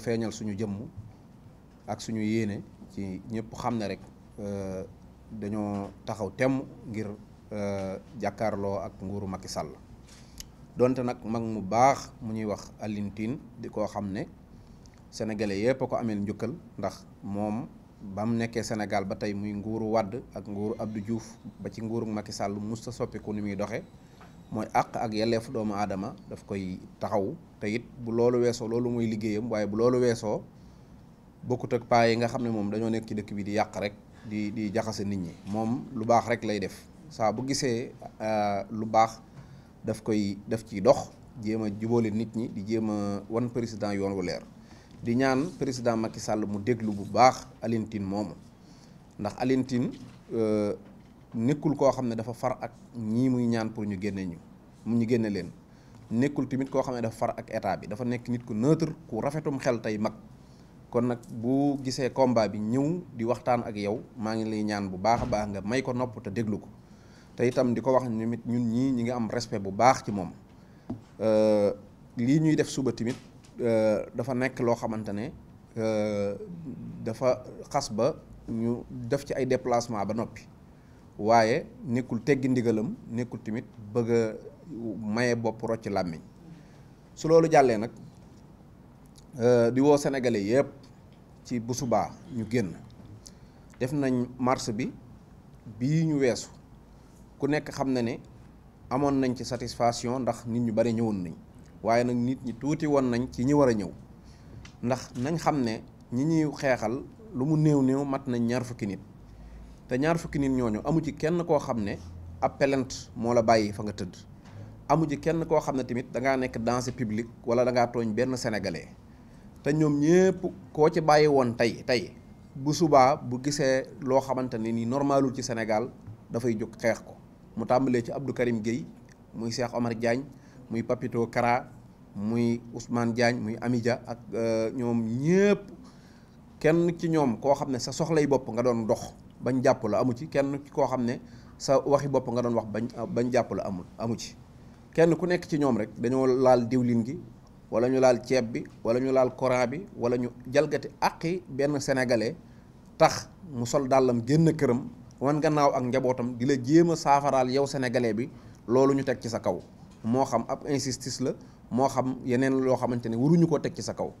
feeñal suñu jëmm ak suñu yéene ci ñëpp xam ne rek euh, dañoo taxaw temm ngir euh, jàkkaarloo ak nguuru Macky Sall donte nag mag mu baax mu ñuy wax Alioune di koo xam ne sénégalais yëpp a ko ameel njukkal ndax moom ba nekkee Sénégal ba tey muy nguuru Wade ak nguuru Abdou Diouf ba ci nguuru Macky Sall musta soppiku ni muy doxe mooy àq ak yelleefu doomu aadama daf koy taxaw te it bu loolu weesoo loolu mooy liggéeyam waaye bu loolu weesoo bokkut ak paa yi nga xam ne moom dañoo nekk ci dëkk bi di yàq rek di di jaxase nit ñi moom lu baax rek lay def saa bu gisee euh, lu baax daf koy def ciy dox jéem a jubóole nit ñi di jéem a wan président yoon wu leer di ñaan président Macky Sall mu déglu bu baax Alioune moomu ndax Alioune Tine euh, nekkul koo xam ne dafa far ak ñii muy ñaan pour ñu génnee ñu mu ñu génne leen nekkul tamit koo xam ne dafa far ak état bi dafa nekk nit ku neutre ku rafetum xel tey mag kon nag bu gisee combat bi ñëw di waxtaan ak yow maa ngi lay ñaan bu baax a baax nga may ko nopp te déglu ko te itam di ko wax tamit ñun ñii ñu ngi am respect bu baax ci moom lii ñuy def suba tamit dafa nekk loo xamante ne dafa xas ba ñu def ci ay déplacement ba noppi waaye nekkul teggi ndigalam nekkul tamit bëgg a maye bopp rocc làmmiñ su loolu jàllee nag euh, di woo sénégalais yëpp ci bu ñu génn def nañ marche bi bii ñu weesu ku nekk xam na ne amoon nañ ci satisfaction ndax nit ñu bari ñëwoon nañ waaye nag nit ñi tuuti woon nañ ci ñi war a ñëw ndax nañ xam ne ñi ñuy xeexal lu mu néew néew mat nañ ñaar fukki nit te ñaar fukki nit ñooñu amu ci kenn koo xam ne ab plainte moo la bàyyi fa nga tëdd amu ci kenn koo xam ne tamit da ngaa nekk danger public wala da ngaa tooñ benn sénégalais te ñoom ñëpp koo ci bàyyi woon tey tey bu subaa bu gisee loo xamante ne ni normalul ci Sénégal dafay jóg xeex ko mu tàmbalee ci Abdou Karim Gueye muy Cheikh Omar Diagne muy Papito Kara muy Ousmane Diagne muy amija ak euh, ñoom ñëpp kenn ci ñoom koo xam ne sa soxlay bopp nga doon dox. bañ jàpp la amu ci kenn koo xam ne sa waxi bopp nga doon wax bañ bañ jàpp la amul amu ci kenn ku nekk ci ñoom rek dañoo laal diwlin gi wala ñu laal ceeb bi wala ñu laal courant bi wala ñu jalgati àqi benn sénégalais tax mu sol dàllam génn këram wan gannaaw ak njabootam di la jéem a saafaraal yow sénégalais bi loolu ñu teg ci sa kaw moo xam ab injustice la moo xam yeneen loo xamante ne waruñu ko teg ci sa kaw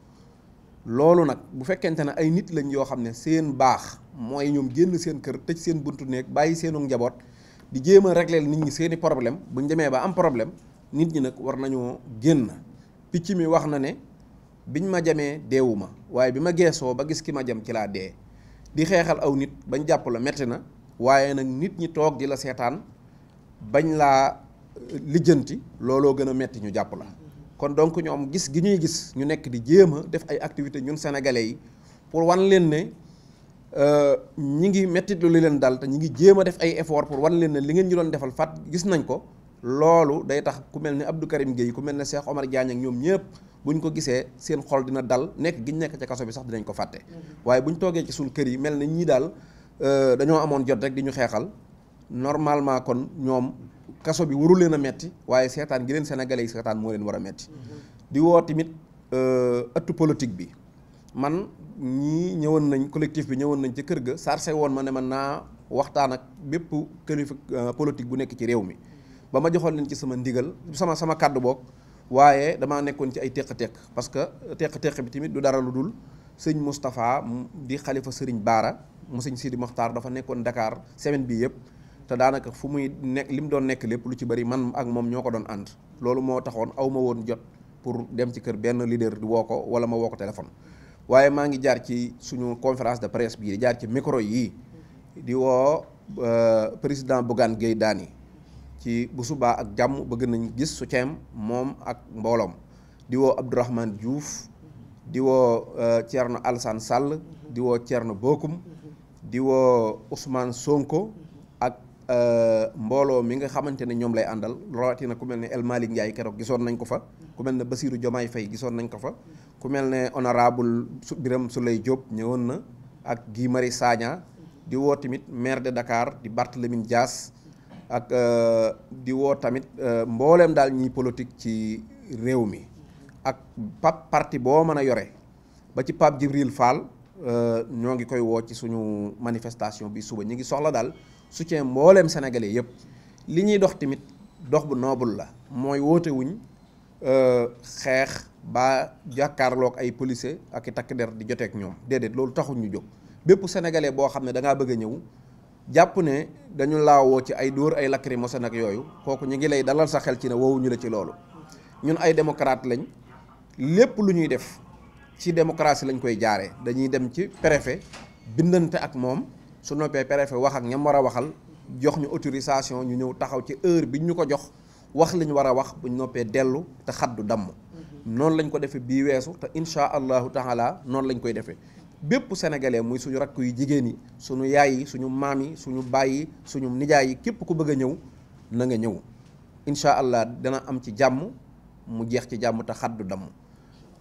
loolu nag bu fekkente ne ay nit lañ yoo xam ne seen baax mooy ñoom génn seen kër tëj seen buntu néeg bàyyi seenu njaboot di jéem a régleel nit ñi seeni problème buñ demee ba am problème nit ñi nag war nañoo génn picc mi wax na ne biñ ma jamee deewu ma waaye bi ma geesoo ba gis ki ma jam ci laa dee di xeexal aw nit bañ jàpp la metti na waaye nag nit ñi toog di la seetaan bañ laa euh, lijjanti looloo gën a metti ñu jàpp la kon donc ñoom gis gi ñuy gis ñu nekk di jéem a def ay activités ñun sénégalais yi pour wan leen ne euh, ñi ngi métti li leen dal te ñi ngi jéem a def ay effort pour wan leen ne li ngeen ñu doon defal fat gis nañ ko loolu day tax ku mel ne Abdou Karim géey ku mel ne Cheikh Omar Diagne ak ñoom ñëpp buñ ko gisee seen xol dina dal nekk giñ nekk ca kaso bi sax dinañ ko fàtte. Mm-hmm. waaye bu ñu toogee ci suñu kër yi mel na ñii daal euh, dañoo amoon jot rek di ñu xeexal normalement kon ñoom. kaso bi warul leen a metti waaye seetaan gi leen sénégalais yi seetaan moo leen war a metti di woo tamit euh, ëttu politique bi man ñii ñëwoon nañ collectif bi ñëwoon nañ ci kër ga sarse woon ma ne man naa waxtaan ak bépp kilifa euh, politique bu nekk ci réew mi ba ma joxoon leen ci sama ndigal sama sama kàddu boog waaye damaa nekkoon ci ay teq-teq parce que teq-teq bi tamit du dara lu dul sëñ Moustapha di xalifa sëriñ Baara mu sëñ Sidi Mokhtar dafa nekkoon ndakaar semaine bii yëpp te daanaka fu muy nekk li mu doon nekk lépp lu ci bari man ak moom ñoo ko doon ànd loolu moo taxoon aw ma woon jot pour dem ci kër benn leader di woo ko wala ma woo ko téléphone waaye maa ngi jaar ci suñu conférence de presse bii di jaar ci micro yii di woo euh, président Bougane Gueye Dany ci bu subaa ak jàmm bëgg nañu gis su moom ak mbooloom di woo Abdourahmane Diouf di woo euh, Thierno Alassane Sall di woo Thierno Bokum di woo Ousmane Sonko Euh, mbooloo mi nga xamante ne ñoom lay àndal na ku mel ni El Malick Ndiaye keroog gisoon nañ ko fa ku mel ne Basirou Diomaye Faye gisoon nañ ko fa ku mel ne honorable Birame Souleye Diop ñëwoon na ak gii Marius Sagna di woo tamit maire de Dakar di Barthélémy Dias ak euh, di woo tamit euh, mbooleem daal ñiy politique ci réew mi ak pap parti boo mën a yore ba ci Pape Djibril Fall ñoo ngi koy woo ci suñu manifestation bi suba ñi ngi soxla daal soutien mbooleem sénégalais yëpp li ñuy dox tamit dox bu noobul la mooy woote wuñ euh, xeex ba jàkkaarloog ay policier ak takk der di joteek ñoom déedéet loolu taxul ñu jóg bépp sénégalais boo xam ne da bëgg a ñëw jàpp ne dañu laawoo ci ay dóor ay lacrymogène ak yooyu kooku ñu ngi lay dalal sa xel ci ne woowuñu la ci loolu ñun ay démocrate lañ lépp lu ñuy def ci démocratie lañ koy jaaree dañuy dem ci préfet bindante ak moom su noppee préfet wax ak ñam war a waxal jox ñu autorisation ñu ñëw taxaw ci heure bi ñu ko jox wax li ñu war a wax bu noppee dellu te xaddu damm. Mhm. noonu lañ ko defee bii weesu te incha allahu taala noonu lañ koy defee bépp sénégalais muy suñu rakk yu jigéen yi suñu yaay yi suñu maam yi suñu baay yi suñu nijaay yi képp ku bëgg a ñëw nanga ñëw incha allah dana am ci jàmm mu jeex ci jàmm te xaddu damm.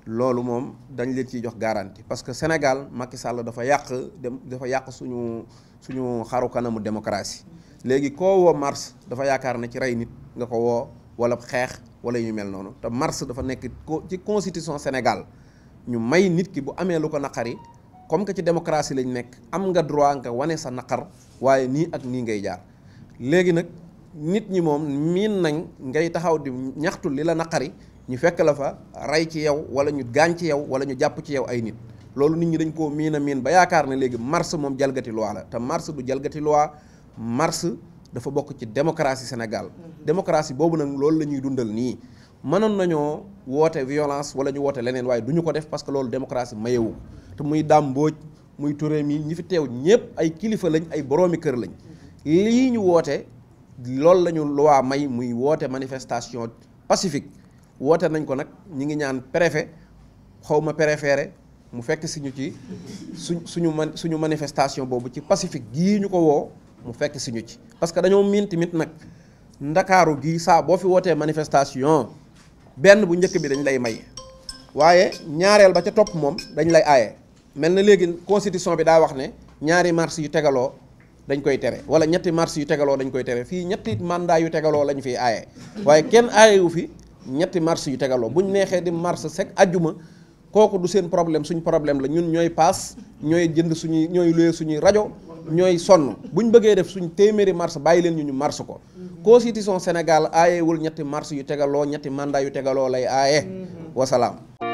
loolu moom dañ leen ciy jox garantie parce que Sénégal Macky Sall dafa yàq dem dafa yàq suñu suñu xaru kanamu démocratie léegi koo woo mars dafa yaakaar ne ci rey nit nga ko woo wala xeex wala ñu mel noonu te mars dafa nekk ci constitution Sénégal ñu may nit ki bu amee lu ko naqari comme que ci démocratie lañ nekk am nga droit nga wane sa naqar waaye nii ak nii ngay jaar léegi nag. nit ñi moom miin nañ ngay taxaw di ñaxtu li la naqari ñu fekk la fa rey ci yow wala ñu gaañ ci yow wala ñu jàpp ci yow ay nit loolu nit ñi dañ koo miin a miin ba yaakaar ne léegi mars moom jalgati loi la te mars du jalgati loi mars dafa bokk ci démocratie Sénégal mhm. démocratie boobu nag loolu la ñuy dundal nii mënoon nañoo woote violence wala ñu woote leneen waaye du ñu ko def parce que loolu démocratie mayewu te muy Dame muy Touré mi ñu fi teew ñëpp ay kilifa lañ ay boroomi kër lañ mhm. lii ñu woote loolu lañu lu waa may muy woote manifestation pacifique woote nañ ko nag ñi ngi ñaan préfet xaw ma préféré mu fekk si ñu ci suñ suñu man suñu manifestation boobu ci pacifique gii ñu ko woo mu fekk si ñu ci. parce que dañoo miin tamit nag ndakaaru gii saa boo fi wootee manifestation benn bu njëkk bi dañ lay may waaye ñaareel ba ca topp moom dañ lay aaye mel na léegi constitution bi daa wax ne ñaari mars yu tegaloo. dañ koy tere wala ñetti mars yu tegaloo dañ koy tere fii ñetti mandat yu tegaloo lañu fi aaye waaye kenn aayewu fi ñetti mars yu tegaloo buñ neexee di mars sek ajjuma kooku du seen problème suñ problème la ñun ñooy paas ñooy jënd suñuy ñooy luye suñuy rajo ñooy sonn buñ bëggee def suñu téeméeri mars bàyyi leen ñu ñu mars ko constitution Sénégal aayewul ñetti mars yu tegaloo ñetti mandat yu tegaloo lay aaye mm-hmm. wasalaam